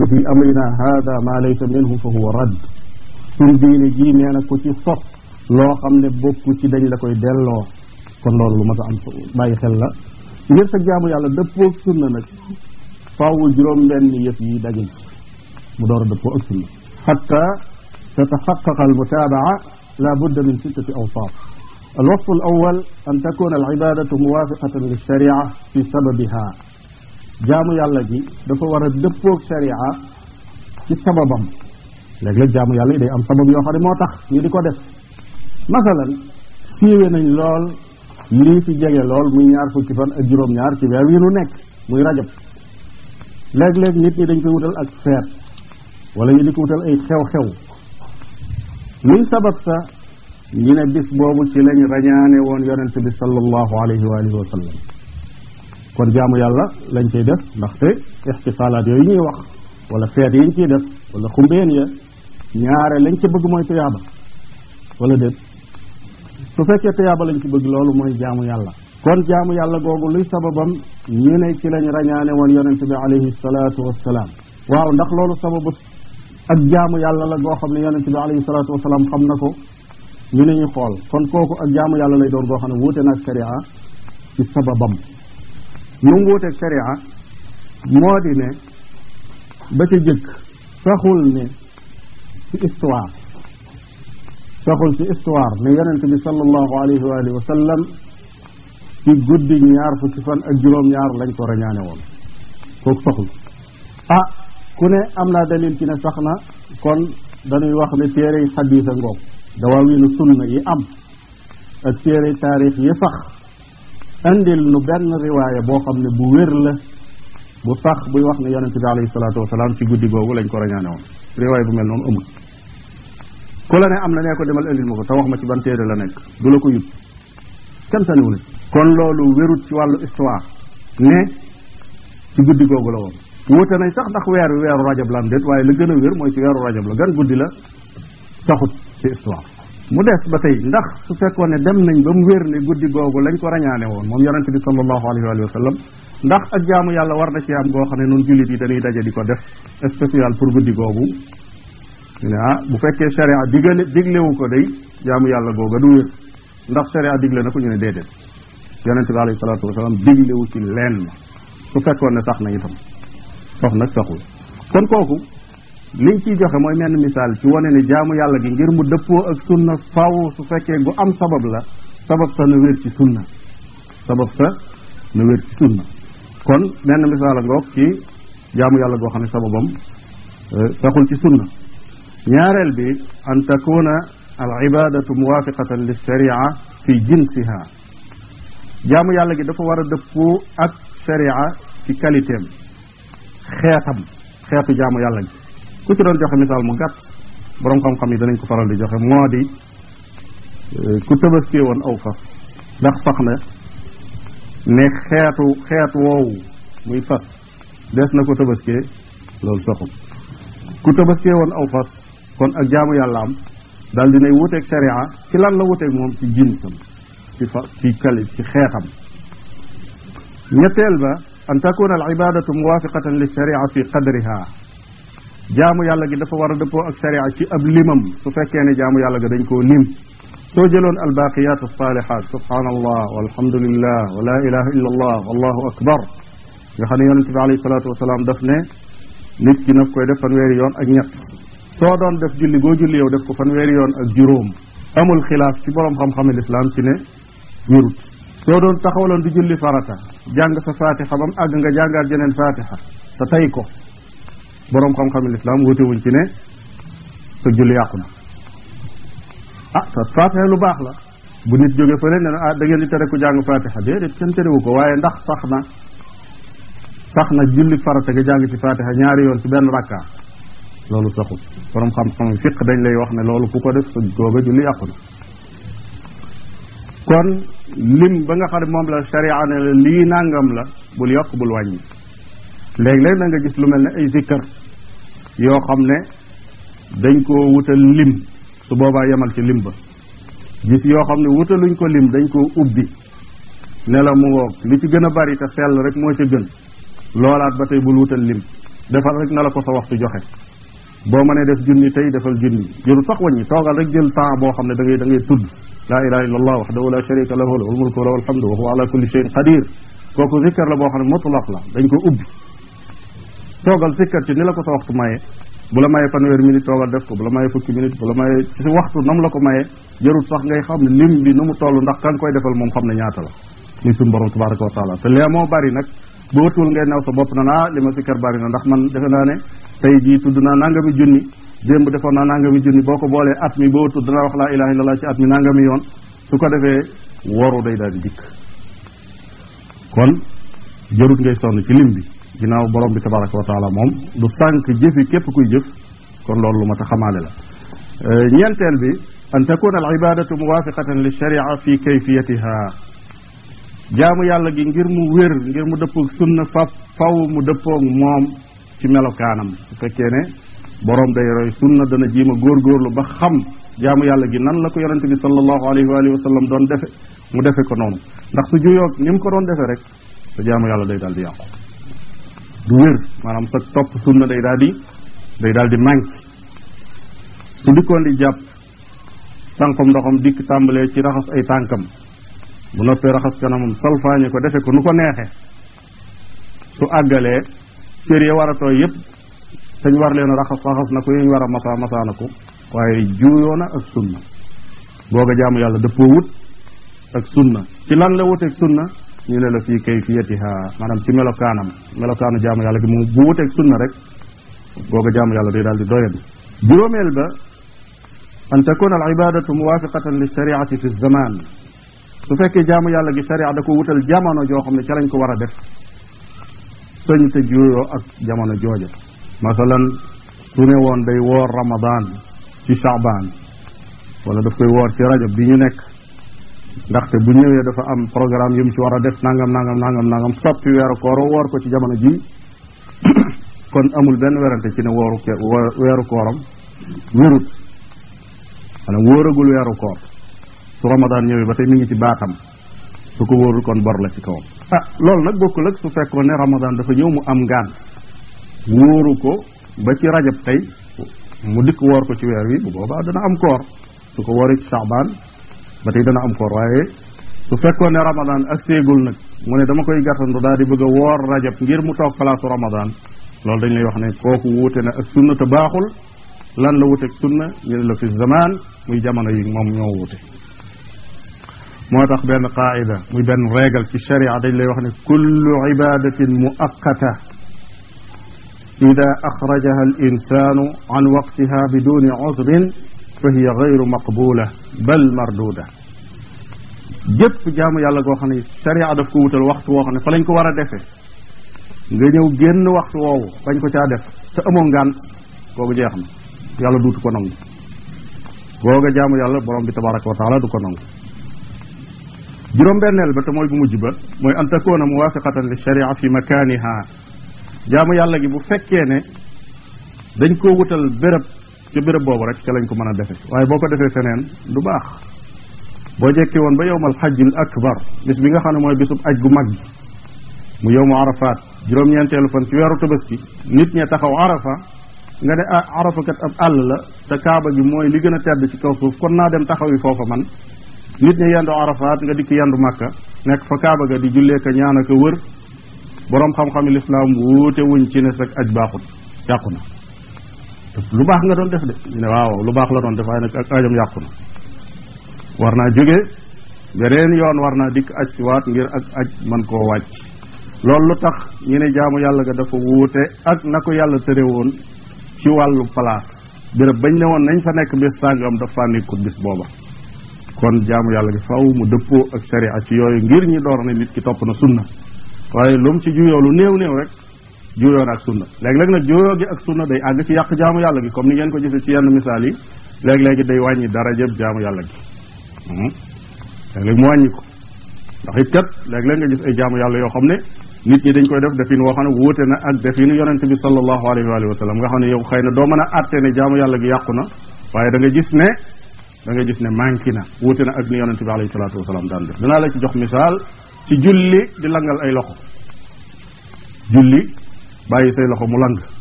fi amrina hada ma laysa minhu fa huwa radd suñ diine jii nee na ku ci sot loo xam ne bokku ci dañ la koy delloo kon loolu lu mat a am bàyyi xel la ngir sa jaamu yàlla dëppoo sunna nag faaw juróom-benn yëf yi daje mu door a dëppoo ak sunna xatta tataxaqaqa almutaabaa la budda min sittati awsaaf alwasf alawal an takuna alibadatu muwafiqatan lisharia fi sababiha jaamu yàlla gi dafa war a dëppoog sharia ci sababam léeg-léeg jaamu yàlla yi day am sabab yoo xam ne moo tax ñu di ko def masalan siiwee nañ lool lii fi jege lool muy ñaar fukki fan ak juróom-ñaar ci weer wi nekk muy rajab léeg-léeg nit ñi dañ koy wutal ak feet wala ñu di ko wutal ay xew-xew luy sabab sa ñu ne bis boobu ci lañ rañaane woon yonente bi sallallahu alayhi wa alihi kon jaamu yàlla lañ cay def ndaxte ixtifaalaat yooyu ñuy wax wala feet yi ñu ciy def wala xumbeen ya ñaare lañ ci bëgg mooy tuyaaba wala déet su fekkee tuyaaba lañ ci bëgg loolu mooy jaamu yàlla kon jaamu yàlla googu luy sababam ñu ne ci lañ rañaane woon yonente bi alayhi salaatu wassalaam waaw ndax loolu sababu ak jaamu yàlla la goo xam ne yonente bi alayhi salaatu wassalaam xam na ko ñu ne ñu xool kon kooku ak jaamu yàlla lay doon goo xam ne wuute na ak sharia ci sababam nu mu wuuteeg sharia moo di ne ba ca jëkk saxul ne ci histoire saxul ci histoire ne yonent bi sallallahu alayhi wa alihi wa sallam ci ñaar fukki fan ak juróom-ñaar lañ ko rañaane woon kooku saxul ah ku ne am naa dalil ci ne sax na kon yu wax ne téere xadiis a ngoog dawaa wiinu sunna yi am ak téere taarix yi sax indil nu benn riwaaya boo xam ne bu wér la bu sax buy wax ne yonente bi alayhi salaatu wasalaam ci guddi googu lañ ko rañaane woon riwaaya bu mel noonu amul ku la ne am na nee ko demal indil ma ko te wax ma ci ban téere la nekk du la ko yut kenn saniwul kon loolu wérut ci wàllu histoire ne ci guddi googu la woon wuute nañ sax ndax weer wi weeru rajab la am waaye la gën a wér mooy ci weeru rajab la gan guddi la saxut ci histoire mu des ba tey ndax su fekkoon ne dem nañ ba mu wér ne guddi googu lañ ko rañaane woon moom yonente bi sallallahu alayhi wa sallam ndax ak jaamu yàlla war na ci am goo xam ne nun jullit yi dañuy daje di ko def spécial pour guddi googu ñu ne ah bu fekkee sharia digale diglewu ko day jaamu yàlla googa du wér ndax sharia digle na ko ñu ne déedéet yonente bi alayhi salatu wasalam diglewu ci lenn su fekkoon ne sax na itam foofu nag saxul kon kooku liñ ciy joxe mooy menn misaal ci wane ne jaamu yàlla gi ngir mu dëppoo ak sunna faaw su fekkee gu am sabab la sabab sa na wér ci sunna sabab na wér ci sunna kon menn misaal a ngoog ci jaamu yàlla goo xam ne sababam euh, saxul ci sunna ñaareel bi an takuna al ibadatu muwafiqatan li sharia fi jinsiha jaamu yàlla gi dafa war a dëppoo ak sharia ci qualité am xeetam xeetu yàlla gi ku ci doon joxe misaal mu gàtt borom xam-xam yi danañ ko faral di joxe moo di euh, ku tabaskee woon aw fas sax na ne xeetu xeet woowu muy fas des na ko tabaskee loolu soxul ku woon aw fas kon ak jaamu yàllaam daal di wuteeg sharia ci lan la wuteeg moom ci jinsam ci fa ci kali ci xeetam ñetteel ba an takuna al ibadatu muwafiqatan li sharia fi qadriha jaamu yàlla gi dafa war a dëppoo ak sharia ci ab limam su fekkee ne jaamu yàlla ga dañ koo lim soo jëloon albaqiyat alsalihat subhaanallah walhamdulillah wa la ilaha illa allah wallahu akbar nga xam ne yonente bi alayhi salatu wasalaam daf ne nit ki nag koy def fanweeri yoon ak ñett soo doon def julli boo julli yow def ko fanweeri yoon ak juróom amul xilaaf ci boroom xam-xame lislaam ci ne wérut soo doon taxawaloon di julli farata jàng sa fatixa ba mu àgg nga jàngaat jeneen te tey ko boroom xam-xami lislaam wute wuñ ci julli yàqu na ah sa fatiha lu baax la bu nit jóge fële ne ah da ngeen di tere ku jàng fatiha déedéet kenn terewu ko waaye ndax sax na sax na julli farata jàng ci fatiha ñaari yoon ci benn rakka loolu saxul borom xam-xam fiq dañ lay wax ne loolu ku ko def sa googa julli yàqu kon lim ba nga xam ne la sharia ne la nangam la bul yokk bul wàññi léeg-léeg na nga gis lu mel ne ay zikkar yoo xam ne dañ ko wutal lim su boobaa yemal ci lim ba gis yoo xam ne wutaluñ ko lim dañ ko ubbi ne la mu woog lu ci gën a bari te sell rek mooy ca gën loolaat ba tey bul wutal lim defal rek na la ko sa waxtu joxe boo mënee def junni tey defal junni jëru sax waññi toogal rek jël temps boo xam ne da ngay da ngay tudd laa wax illa allah waxdahu la sharika lahu lahul mulku wa lahul hamdu wa huwa ala kulli shay'in qadir kooku zikkar la boo xam ne mutlaq la dañ ko ubbi toogal sikkar ci ni la ko sa waxtu maye bu la maye fanweeri minute toogal def ko bu la maye fukki minute bu la maye ci waxtu nam la ko maye jarul sax ngay xam lim bi nu mu toll ndax kan koy defal moom xam ne ñaata la muy suñu borom tabaraka wa taala te lee moo bari nag boo tuul ngay naw sa bopp na naa li ma sikkar bari na ndax man defe naa ne tey jii tudd naa nangami junni démb defoon naa nangami junni boo ko boolee at mi boo tudd danaa wax laa ilaha illallah ci at mi yoon su ko defee waru day daal di dikk kon jarut ngay ci lim bi ginnaaw borom bi tabaraka wa taala moom du sànq jëfi képp kuy jëf kon loolu lu mat a xamaale la euh, ñeenteel bi an takuna al ibadatu muwafiqatan li sharia fi kayfiyatiha jaamu yàlla gi ngir mu wér ngir mu dëppoog sunna fa faw mu dëppoog moom ci melokaanam su fekkee ne borom day roy sunna dana jiim a góorgóorlu ba xam jaamu yàlla gi nan la ko yonente bi sallallahu alayhi wa alihi wa sallam doon defe mu defe ko noonu ndax su juyoog ni mu ko doon defe rek su jaamu yàlla day daal di yàqu du wér maanaam sa topp sunna day daal di day daal di manqué su dikkoon di jàpp tànqam ndoxam dikk tàmbalee ci raxas ay tànkam bu noppee raxas kanamam salfaañe ko defe ko nu ko neexe su àggalee cër ya war a tooy yépp dañ war leen raxas raxas na ko yéen war a masa masa na ko waaye juuyoona ak sunna googa jaamu yàlla dëppoo wut ak sunna ci lan la wuteeg sunna ñu ne la fii kayfiyatiha maanaam ci melokaanam melokaanu jaamu yàlla gi moom bu wuteeg sunna rek googa jaamu yàlla day daal di doyal juróomeel ba an takuna al ibadatu muwafiqatan li shariati fi zaman su fekkee jaamu yàlla gi sharia da ko wutal jamono joo xam ne ca lañ ko war a def sañ te juyoo ak jamono jooja masalan su ne woon day woor ramadan ci chaban wala daf koy woor ci rajab bi ñu nekk ndaxte bu ñëwee dafa am programme yu mu ci war a def nangam nangam nangam nangam soppi weeru koor woor ko ci jamono ji kon amul benn werante ci ne wooru weeru kooram wérut maanaam wóoragul weeru koor su ramadaan ñëwee ba tey mi ngi ci baatam su ko wóorul kon bor la ci kawam ah loolu nag bokkul ak su fekkoon ne ramadaan dafa ñëw mu am ngaan wóoru ko ba ci rajab tey mu dikk woor ko ci weer wi bu boobaa dana am koor su ko wooree ci saabaan ba tey dana am ko waaye su fekkoon ne ramadan ak séegul nag mu ne dama koy gàttandu daal di bëgg a woor rajab ngir mu toog palaasu ramadan loolu dañ lay wax ne kooku wuute na ak sunna te baaxul lan la wuuteeg sunna ñu ne la fi zaman muy jamono yi moom ñoo wuute moo tax benn qaida muy ben régal ci sharia dañ lay wax ne kullu ibadatin muaqqata ida axrajaha al insanu an waqtiha biduni uzrin fahiya gayru maqbula bal marduda jëpp jaamu yàlla goo xam ne sariya daf ko wutal waxtu woo xam ne fa lañ ko war a defee nga ñëw génn waxtu woowu bañ ko caa def te amoo ngànt kooku jeex na yàlla duutu ko nangu googa jaamu yàlla borom bi tabaraka wa taala du ko nangu juróom-benneel ba te mooy bu mujj ba mooy an takuuna li sharia fi makaaniha jaamu yàlla gi bu fekkee ne dañ ko wutal béréb ci béréb boobu rek ca lañ ko mën a defe waaye boo ko defee feneen du baax boo jekki woon ba yowmal xajjil akbar bis bi nga xam ne mooy bisub aj gu mag gi mu yowmu arafaat juróom-ñeenteelu fan ci weeru tabaski nit ñe taxaw arafa nga ne a ah, arafakat ab àll la te kaaba gi mooy li gën a tedd ci kaw suuf kon naa dem taxawi foofa man nit ñi yendu arafaat nga dikk yendu makka nekk fa kaaba ga di jullee ka ñaan ak a wër boroom xam-xami lislaam wuute wuñ ci ne sag aj baaxut yàqu na lu baax nga doon def de ne waaw lu baax la doon def waaye nag ak ajam yàqu na war naa jóge beneen yoon war naa dikk aj si waat ngir ak aj man koo wàcc loolu lu tax ñu ne jaamu yàlla ga dafa wuute ak na ko yàlla tere woon ci wàllu place béréb bañ ne woon nañ fa nekk bis sàngam dafa nekkut bis booba kon jaamu yàlla gi faw mu dëppoo ak sharia ci yooyu ngir ñi door ne nit ki topp na sunna waaye lu ci juyoo lu néew néew rek juyoo na ak sunna léeg-léeg nag juyoo gi yàq jaamu yàlla gi comme ni ngeen ko gisee ci yenn misaal léeg-léegi wàññi darajëb jaamu yàlla gi hmm? léeg-léeg mu wàññi ko ndax it kat léeg-léeg nga jaamu yàlla yoo xam ne nit ñi dañ koy def woo xam ne wuute na ak definu yonente bi sallallahu alayhi wa ne yow xëy na doo mën a àtte ne jaamu yàlla gi na waaye da nga gis ne da nga gis ne manqué na wuute na ak bi alayhi salatu wasalaam daan def dinaa la ci jox misaal ci julli di langal ay loxo julli bàyyi say loxo mu lang